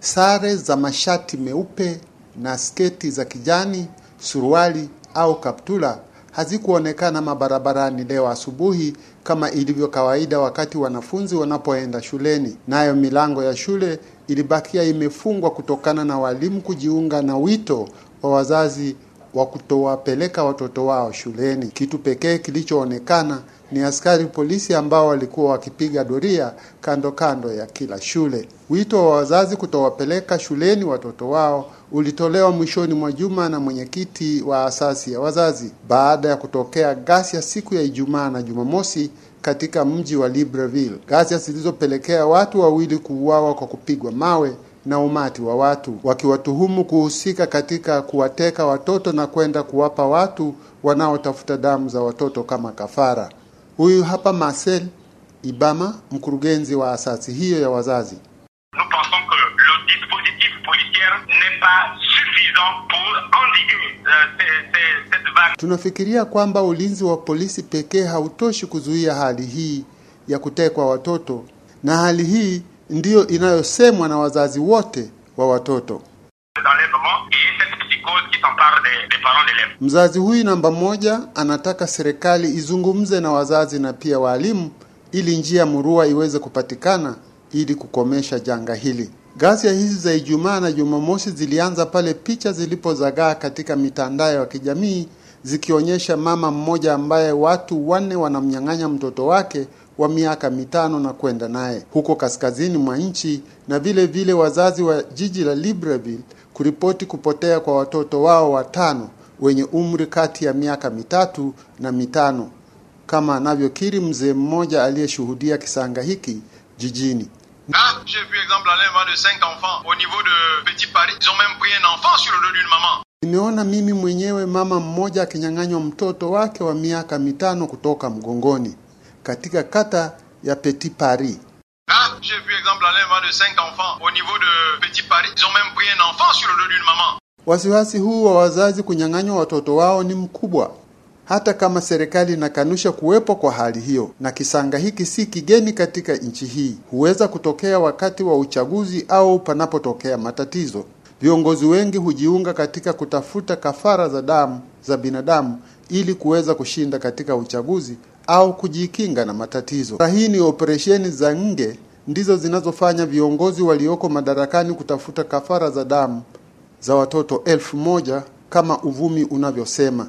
sare za mashati meupe na sketi za kijani, suruali au kaptula hazikuonekana mabarabarani leo asubuhi kama ilivyo kawaida wakati wanafunzi wanapoenda shuleni. Nayo milango ya shule ilibakia imefungwa kutokana na walimu kujiunga na wito wa wazazi wa kutowapeleka watoto wao shuleni. Kitu pekee kilichoonekana ni askari polisi ambao walikuwa wakipiga doria kando kando ya kila shule. Wito wa wazazi kutowapeleka shuleni watoto wao ulitolewa mwishoni mwa juma na mwenyekiti wa asasi ya wazazi baada ya kutokea ghasia siku ya Ijumaa na Jumamosi katika mji wa Libreville, ghasia zilizopelekea watu wawili kuuawa kwa kupigwa mawe na umati wa watu wakiwatuhumu kuhusika katika kuwateka watoto na kwenda kuwapa watu wanaotafuta damu za watoto kama kafara. Huyu hapa Marcel Ibama, mkurugenzi wa asasi hiyo ya wazazi. Euh, Tunafikiria kwamba ulinzi wa polisi pekee hautoshi kuzuia hali hii ya kutekwa watoto, na hali hii ndiyo inayosemwa na wazazi wote wa watoto. Mzazi huyu namba moja anataka serikali izungumze na wazazi na pia waalimu ili njia murua iweze kupatikana ili kukomesha janga hili. Ghasia hizi za Ijumaa na Jumamosi zilianza pale picha zilipozagaa katika mitandao ya kijamii zikionyesha mama mmoja ambaye watu wanne wanamnyang'anya mtoto wake wa miaka mitano na kwenda naye huko kaskazini mwa nchi, na vile vile wazazi wa jiji la Libreville kuripoti kupotea kwa watoto wao watano wenye umri kati ya miaka mitatu na mitano, kama anavyokiri mzee mmoja aliyeshuhudia kisanga hiki jijini. Ah, de Nimeona mimi mwenyewe mama mmoja akinyang'anywa mtoto wake wa miaka mitano kutoka mgongoni katika kata ya Petit Paris. Ah, j'ai vu exemple à de 5 enfants au niveau de Petit Paris, ils ont même pris un enfant sur le dos d'une maman. Wasiwasi huu wa wazazi kunyang'anywa watoto wao ni mkubwa hata kama serikali inakanusha kuwepo kwa hali hiyo, na kisanga hiki si kigeni katika nchi hii. Huweza kutokea wakati wa uchaguzi au panapotokea matatizo. Viongozi wengi hujiunga katika kutafuta kafara za damu za binadamu ili kuweza kushinda katika uchaguzi au kujikinga na matatizo. Hii ni operesheni za nge ndizo zinazofanya viongozi walioko madarakani kutafuta kafara za damu za watoto elfu moja kama uvumi unavyosema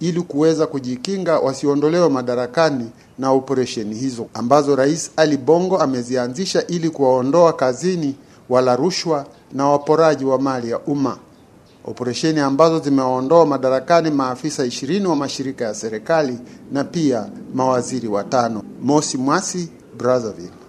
ili kuweza kujikinga wasiondolewe madarakani na operesheni hizo ambazo Rais Ali Bongo amezianzisha ili kuwaondoa kazini wala rushwa na waporaji wa mali ya umma operesheni ambazo zimewaondoa madarakani maafisa ishirini wa mashirika ya serikali na pia mawaziri watano. Mosi Mwasi, Brazzaville.